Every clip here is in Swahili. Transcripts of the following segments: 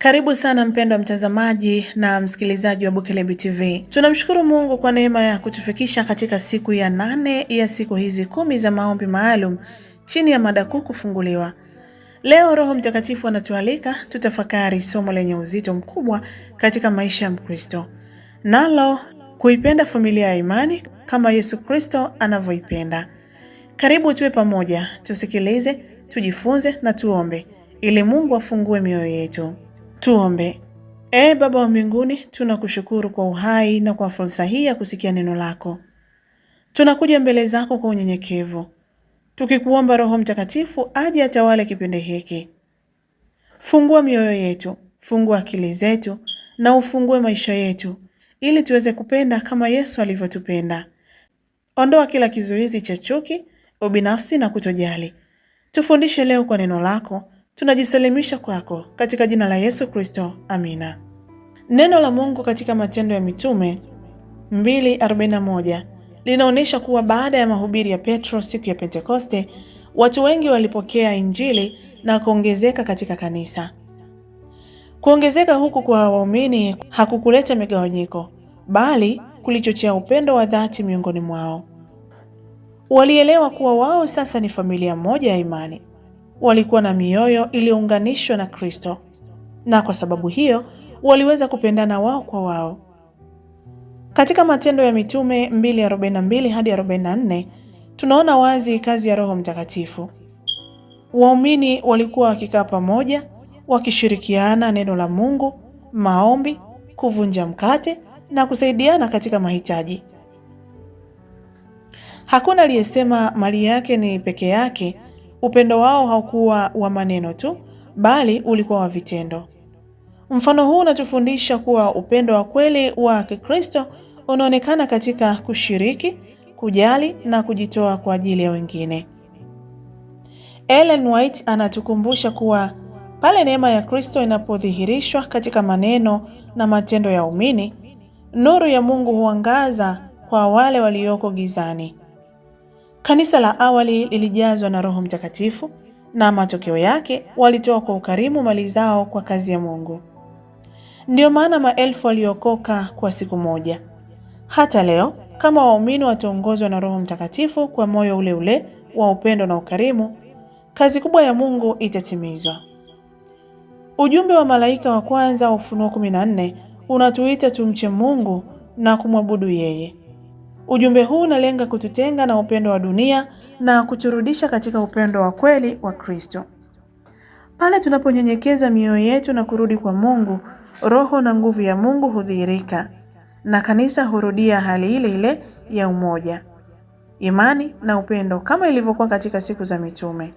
Karibu sana mpendwa mtazamaji na msikilizaji wa Bukelebe TV. Tunamshukuru Mungu kwa neema ya kutufikisha katika siku ya nane ya siku hizi kumi za maombi maalum chini ya mada kuu kufunguliwa. Leo Roho Mtakatifu anatualika tutafakari somo lenye uzito mkubwa katika maisha ya Mkristo, nalo kuipenda familia ya imani kama Yesu Kristo anavyoipenda. Karibu tuwe pamoja, tusikilize, tujifunze na tuombe ili Mungu afungue mioyo yetu. Tuombe. Ee Baba wa mbinguni, tunakushukuru kwa uhai na kwa fursa hii ya kusikia neno lako. Tunakuja mbele zako kwa unyenyekevu, tukikuomba Roho Mtakatifu aje atawale kipindi hiki. Fungua mioyo yetu, fungua akili zetu na ufungue maisha yetu ili tuweze kupenda kama Yesu alivyotupenda. Ondoa kila kizuizi cha chuki, ubinafsi na kutojali. Tufundishe leo kwa neno lako tunajisalimisha kwako katika jina la Yesu Kristo, amina. Neno la Mungu katika Matendo ya Mitume 2:41 linaonyesha kuwa baada ya mahubiri ya Petro siku ya Pentekoste, watu wengi walipokea Injili na kuongezeka katika kanisa. Kuongezeka huku kwa waumini hakukuleta migawanyiko, bali kulichochea upendo wa dhati miongoni mwao. Walielewa kuwa wao sasa ni familia moja ya imani walikuwa na mioyo iliyounganishwa na Kristo, na kwa sababu hiyo waliweza kupendana wao kwa wao. Katika Matendo ya Mitume 2:42 hadi 44 tunaona wazi kazi ya Roho Mtakatifu. Waumini walikuwa wakikaa pamoja wakishirikiana neno la Mungu, maombi, kuvunja mkate na kusaidiana katika mahitaji. Hakuna aliyesema mali yake ni peke yake Upendo wao haukuwa wa maneno tu, bali ulikuwa wa vitendo. Mfano huu unatufundisha kuwa upendo wa kweli wa Kikristo unaonekana katika kushiriki, kujali na kujitoa kwa ajili ya wengine. Ellen White anatukumbusha kuwa pale neema ya Kristo inapodhihirishwa katika maneno na matendo ya umini, nuru ya Mungu huangaza kwa wale walioko gizani. Kanisa la awali lilijazwa na Roho Mtakatifu na matokeo yake walitoa kwa ukarimu mali zao kwa kazi ya Mungu. Ndiyo maana maelfu waliokoka kwa siku moja. Hata leo kama waumini wataongozwa na Roho Mtakatifu kwa moyo ule ule wa upendo na ukarimu, kazi kubwa ya Mungu itatimizwa. Ujumbe wa malaika wa kwanza wa Ufunuo 14 unatuita tumche Mungu na kumwabudu yeye. Ujumbe huu unalenga kututenga na upendo wa dunia na kuturudisha katika upendo wa kweli wa Kristo. Pale tunaponyenyekeza mioyo yetu na kurudi kwa Mungu, roho na nguvu ya Mungu hudhihirika na kanisa hurudia hali ile ile ya umoja, imani na upendo kama ilivyokuwa katika siku za mitume.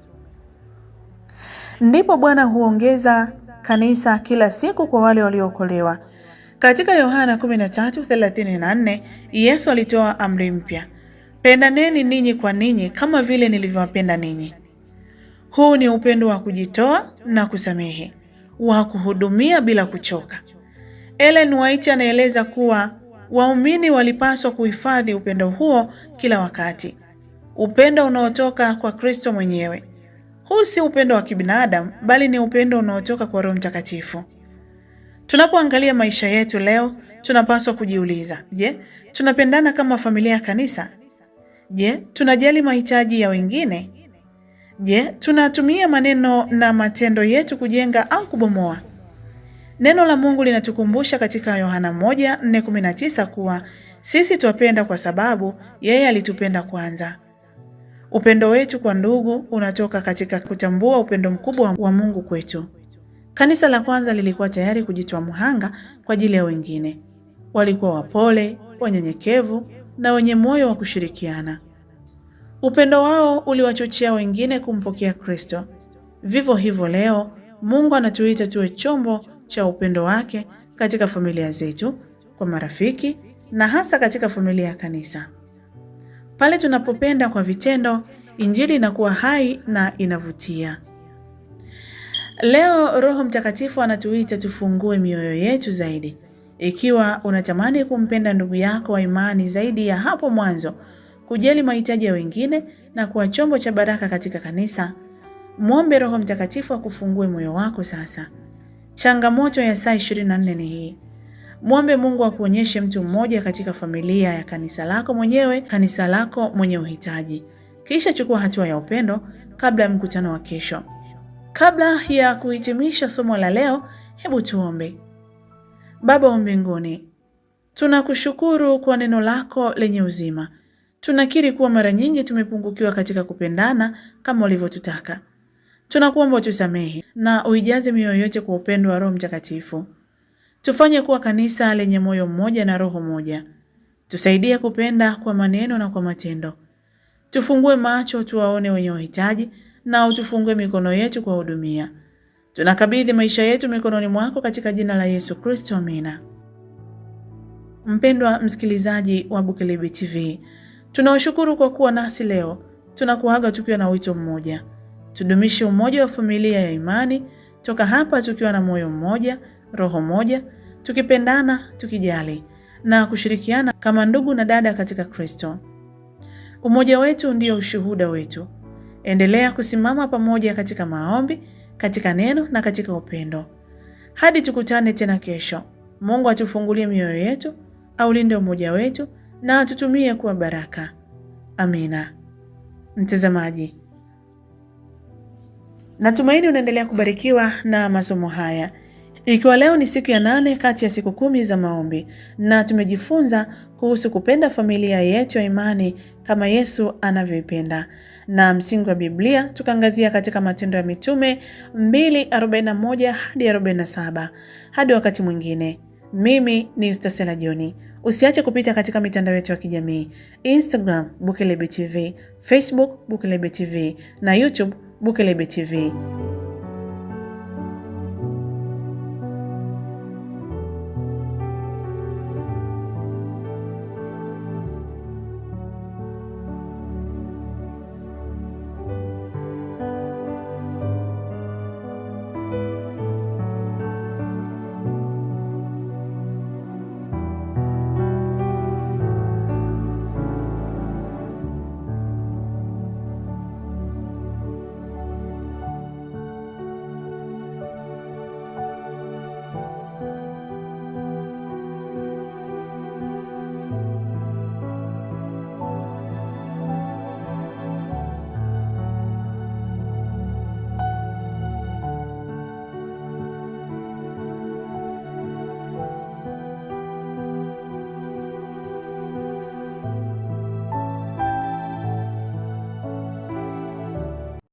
Ndipo Bwana huongeza kanisa kila siku kwa wale waliookolewa katika Yohana 13:34 Yesu alitoa amri mpya, pendaneni ninyi kwa ninyi kama vile nilivyowapenda ninyi. Huu ni upendo wa kujitoa na kusamehe, wa kuhudumia bila kuchoka. Ellen White anaeleza kuwa waumini walipaswa kuhifadhi upendo huo kila wakati, upendo unaotoka kwa Kristo mwenyewe. Huu si upendo wa kibinadamu, bali ni upendo unaotoka kwa Roho Mtakatifu. Tunapoangalia maisha yetu leo, tunapaswa kujiuliza, je, tunapendana kama familia ya kanisa? Je, tunajali mahitaji ya wengine? Je, tunatumia maneno na matendo yetu kujenga au kubomoa? Neno la Mungu linatukumbusha katika Yohana 1:4-19 kuwa sisi twapenda kwa sababu yeye alitupenda kwanza. Upendo wetu kwa ndugu unatoka katika kutambua upendo mkubwa wa Mungu kwetu. Kanisa la kwanza lilikuwa tayari kujitoa mhanga kwa ajili ya wengine. Walikuwa wapole, wanyenyekevu na wenye moyo wa kushirikiana. Upendo wao uliwachochea wengine kumpokea Kristo. Vivyo hivyo leo Mungu anatuita tuwe chombo cha upendo wake katika familia zetu, kwa marafiki na hasa katika familia ya kanisa. Pale tunapopenda kwa vitendo, Injili inakuwa hai na inavutia. Leo Roho Mtakatifu anatuita tufungue mioyo yetu zaidi. Ikiwa unatamani kumpenda ndugu yako wa imani zaidi ya hapo mwanzo, kujali mahitaji ya wengine na kuwa chombo cha baraka katika kanisa, mwombe Roho Mtakatifu akufungue moyo wako sasa. Changamoto ya saa 24 ni hii. Mwombe Mungu akuonyeshe mtu mmoja katika familia ya kanisa lako mwenyewe, kanisa lako mwenye uhitaji. Kisha chukua hatua ya upendo kabla ya mkutano wa kesho. Kabla ya kuhitimisha somo la leo, hebu tuombe. Baba wa mbinguni, tunakushukuru kwa neno lako lenye uzima. Tunakiri kuwa mara nyingi tumepungukiwa katika kupendana kama ulivyotutaka. Tunakuomba utusamehe na uijaze mioyo yote kwa upendo wa Roho Mtakatifu. Tufanye kuwa kanisa lenye moyo mmoja na roho moja. Tusaidie kupenda kwa maneno na kwa matendo. Tufungue macho tuwaone wenye uhitaji na utufungue mikono yetu kuwahudumia. Tunakabidhi maisha yetu mikononi mwako katika jina la Yesu Kristo, amina. Mpendwa msikilizaji wa Bukelebe TV, tunawashukuru kwa kuwa nasi leo. Tunakuaga tukiwa na wito mmoja, tudumishe umoja wa familia ya imani, toka hapa tukiwa na moyo mmoja, roho moja, tukipendana, tukijali na kushirikiana kama ndugu na dada katika Kristo. Umoja wetu ndio ushuhuda wetu. Endelea kusimama pamoja katika maombi, katika neno na katika upendo. Hadi tukutane tena kesho. Mungu atufungulie mioyo yetu, aulinde umoja wetu na atutumie kuwa baraka. Amina. Mtazamaji, natumaini unaendelea kubarikiwa na masomo haya. Ikiwa leo ni siku ya nane kati ya siku kumi za maombi na tumejifunza kuhusu kupenda familia yetu ya imani kama Yesu anavyoipenda na msingi wa Biblia, tukaangazia katika Matendo ya Mitume 2:41 hadi 47. Hadi wakati mwingine, mimi ni Yustasela Joni. Usiache kupita katika mitandao yetu ya kijamii Instagram Bukelebe TV, Facebook Bukelebe TV na YouTube Bukelebe TV.